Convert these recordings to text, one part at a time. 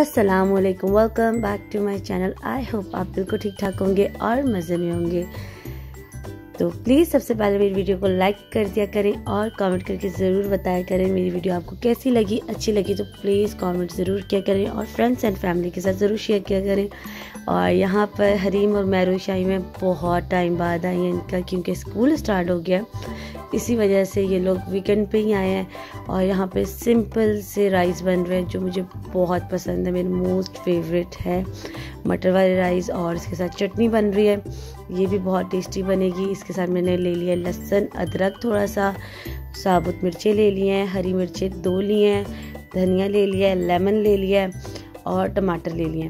Aslam welcome back to my channel I hope आप बिल्कुल ठीक ठाक होंगे और मज़े में होंगे तो प्लीज़ सबसे पहले मेरी वीडियो को लाइक कर दिया करें और कमेंट करके ज़रूर बताया करें मेरी वीडियो आपको कैसी लगी अच्छी लगी तो प्लीज़ कमेंट ज़रूर किया करें और फ्रेंड्स एंड फैमिली के साथ ज़रूर शेयर किया करें और यहाँ पर हरीम और मैरू शाही में बहुत टाइम बाद आई हैं इनका क्योंकि स्कूल स्टार्ट हो गया इसी वजह से ये लोग वीकेंड पे ही आए हैं और यहाँ पे सिंपल से राइस बन रहे हैं जो मुझे बहुत पसंद है मेरे मोस्ट फेवरेट है मटर वाले राइस और इसके साथ चटनी बन रही है ये भी बहुत टेस्टी बनेगी इसके साथ मैंने ले लिया लहसुन अदरक थोड़ा सा साबुत मिर्चें ले लिए हैं हरी मिर्चें दो लिए हैं धनिया ले लिया है लेमन ले लिया है और टमाटर ले लिए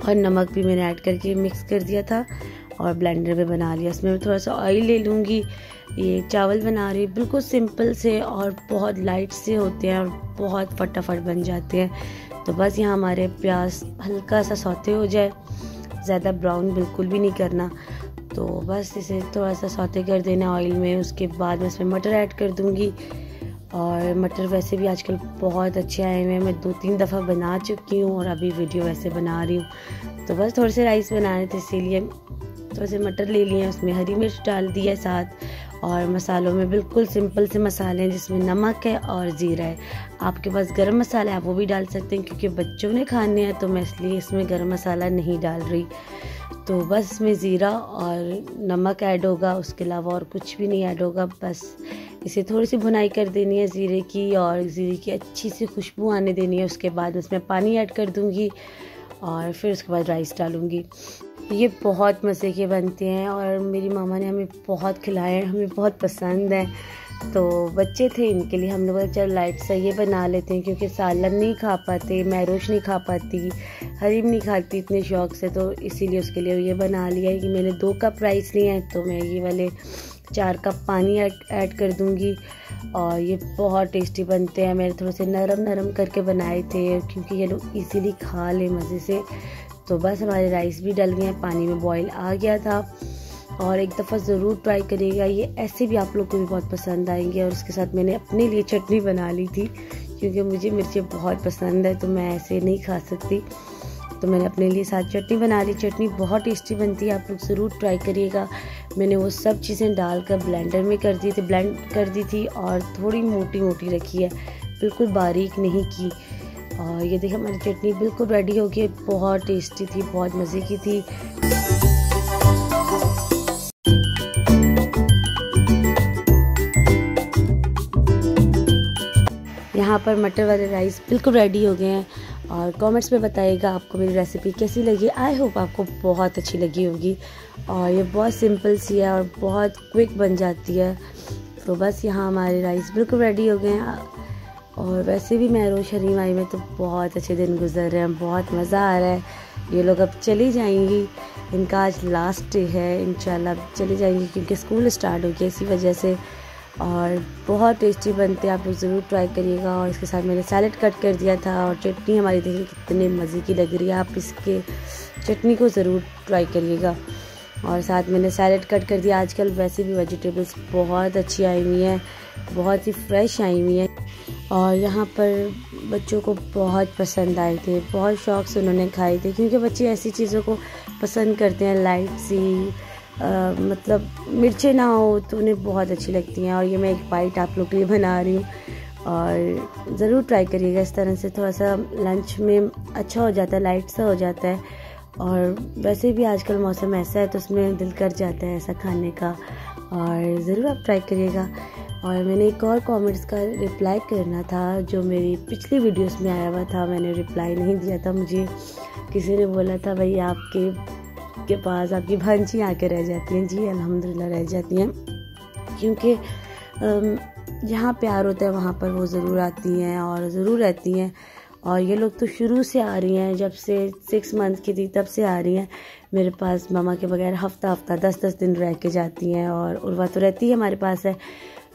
और नमक भी मैंने ऐड करके मिक्स कर दिया था और ब्लेंडर में बना लिया इसमें मैं थोड़ा सा ऑयल ले लूँगी ये चावल बना रही बिल्कुल सिंपल से और बहुत लाइट से होते हैं और बहुत फटाफट बन जाते हैं तो बस यहाँ हमारे प्याज हल्का सा सौते हो जाए ज़्यादा ब्राउन बिल्कुल भी नहीं करना तो बस इसे थोड़ा सा सौते कर देना ऑयल में उसके बाद मैं इसमें मटर ऐड कर दूँगी और मटर वैसे भी आजकल बहुत अच्छे आए हुए हैं मैं दो तीन दफ़ा बना चुकी हूँ और अभी वीडियो वैसे बना रही हूँ तो बस थोड़े से राइस बनाने थे इसीलिए थोड़े तो से मटर ले लिए हैं उसमें हरी मिर्च डाल दी है साथ और मसालों में बिल्कुल सिंपल से मसाले हैं जिसमें नमक है और ज़ीरा है आपके पास गरम मसाला है आप वो भी डाल सकते हैं क्योंकि बच्चों ने खाने हैं तो मैं इसलिए इसमें गरम मसाला नहीं डाल रही तो बस इसमें ज़ीरा और नमक ऐड होगा उसके अलावा और कुछ भी नहीं ऐड होगा बस इसे थोड़ी सी भुनाई कर देनी है ज़ीरे की और ज़ीरे की अच्छी सी खुशबू आने देनी है उसके बाद उसमें पानी ऐड कर दूँगी और फिर उसके बाद राइस डालूँगी ये बहुत मज़े के बनते हैं और मेरी मामा ने हमें बहुत खिलाए हैं हमें बहुत पसंद है तो बच्चे थे इनके लिए हम लोग चल लाइट सा ये बना लेते हैं क्योंकि सालन नहीं खा पाते मैरोश नहीं खा पाती हरीम नहीं खाती इतने शौक से तो इसीलिए उसके लिए ये बना लिया है कि मैंने दो कप राइस लिए हैं तो मैं ये वाले चार कप पानी ऐड कर दूँगी और ये बहुत टेस्टी बनते हैं मैंने थोड़े से नरम नरम करके बनाए थे क्योंकि ये लोग इजीली खा ले मज़े से तो बस हमारे राइस भी डल गए पानी में बॉईल आ गया था और एक दफ़ा ज़रूर ट्राई करिएगा ये ऐसे भी आप लोग को भी बहुत पसंद आएंगे और उसके साथ मैंने अपने लिए चटनी बना ली थी क्योंकि मुझे मिर्ची बहुत पसंद है तो मैं ऐसे नहीं खा सकती तो मैंने अपने लिए साथ चटनी बना ली चटनी बहुत टेस्टी बनती है आप लोग ज़रूर ट्राई करिएगा मैंने वो सब चीज़ें डालकर ब्लेंडर में कर दी थी ब्लेंड कर दी थी और थोड़ी मोटी मोटी रखी है बिल्कुल बारीक नहीं की और हाँ, ये देखिए हमारी चटनी बिल्कुल रेडी हो गई बहुत टेस्टी थी बहुत मज़े की थी यहाँ पर मटर वाले राइस बिल्कुल रेडी हो गए हैं और कमेंट्स में बताइएगा आपको मेरी रेसिपी कैसी लगी आई होप आपको बहुत अच्छी लगी होगी और ये बहुत सिंपल सी है और बहुत क्विक बन जाती है तो बस यहाँ हमारे राइस बिल्कुल रेडी हो गए हैं और वैसे भी शनि शरीमाई में तो बहुत अच्छे दिन गुजर रहे हैं बहुत मज़ा आ रहा है ये लोग अब चली जाएंगी इनका आज लास्ट डे है इन चली जाएंगी क्योंकि स्कूल स्टार्ट हो गया इसी वजह से और बहुत टेस्टी बनते हैं आप लोग ज़रूर ट्राई करिएगा और इसके साथ मैंने सैलड कट कर दिया था और चटनी हमारी देखिए कितने मज़े की लग रही है आप इसके चटनी को ज़रूर ट्राई करिएगा और साथ मैंने सैलड कट कर दिया आजकल वैसे भी वेजिटेबल्स बहुत अच्छी आई हुई हैं बहुत ही फ्रेश आई हुई हैं और यहाँ पर बच्चों को बहुत पसंद आए थे बहुत शौक से उन्होंने खाए थे क्योंकि बच्चे ऐसी चीज़ों को पसंद करते हैं लाइट सी आ, मतलब मिर्चें ना हो तो उन्हें बहुत अच्छी लगती हैं और ये मैं एक बाइट आप लोग के लिए बना रही हूँ और ज़रूर ट्राई करिएगा इस तरह से थोड़ा सा लंच में अच्छा हो जाता है लाइट सा हो जाता है और वैसे भी आजकल मौसम ऐसा है तो उसमें दिल कर जाता है ऐसा खाने का और ज़रूर आप ट्राई करिएगा और मैंने एक और कमेंट्स का रिप्लाई करना था जो मेरी पिछली वीडियोस में आया हुआ था मैंने रिप्लाई नहीं दिया था मुझे किसी ने बोला था भाई आपके के पास आपकी भांजी आके रह जाती हैं जी अल्हम्दुलिल्लाह रह जाती हैं क्योंकि जहाँ प्यार होता है वहाँ पर वो ज़रूर आती हैं और ज़रूर रहती हैं और ये लोग तो शुरू से आ रही हैं जब से सिक्स मंथ की थी तब से आ रही हैं मेरे पास मामा के बगैर हफ्ता हफ्ता दस दस दिन रह के जाती हैं और उर्वा तो रहती है हमारे पास है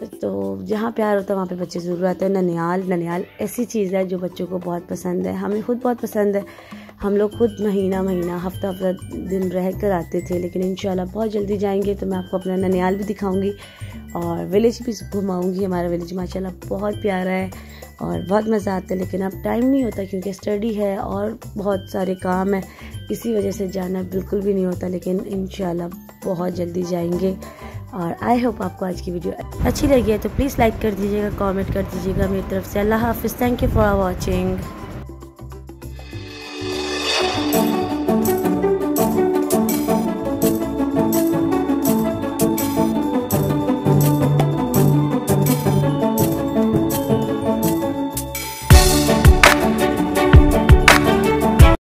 तो जहाँ प्यार होता है वहाँ पे बच्चे ज़रूर आते हैं ननियाल ननियाल ऐसी चीज़ है जो बच्चों को बहुत पसंद है हमें खुद बहुत पसंद है हम लोग खुद महीना महीना हफ्ता हफ्ता दिन रह कर आते थे लेकिन इन बहुत जल्दी जाएंगे तो मैं आपको अपना ननियाल भी दिखाऊंगी और विलेज भी घुमाऊंगी हमारा विलेज माशा बहुत प्यारा है और बहुत मज़ा आता है लेकिन अब टाइम नहीं होता क्योंकि स्टडी है और बहुत सारे काम है इसी वजह से जाना बिल्कुल भी नहीं होता लेकिन इन बहुत जल्दी जाएंगे और आई होप आपको आज की वीडियो अच्छी लगी है तो प्लीज़ लाइक कर दीजिएगा कमेंट कर दीजिएगा मेरी तरफ से अल्लाह हाफिज़ थैंक यू फॉर वॉचिंग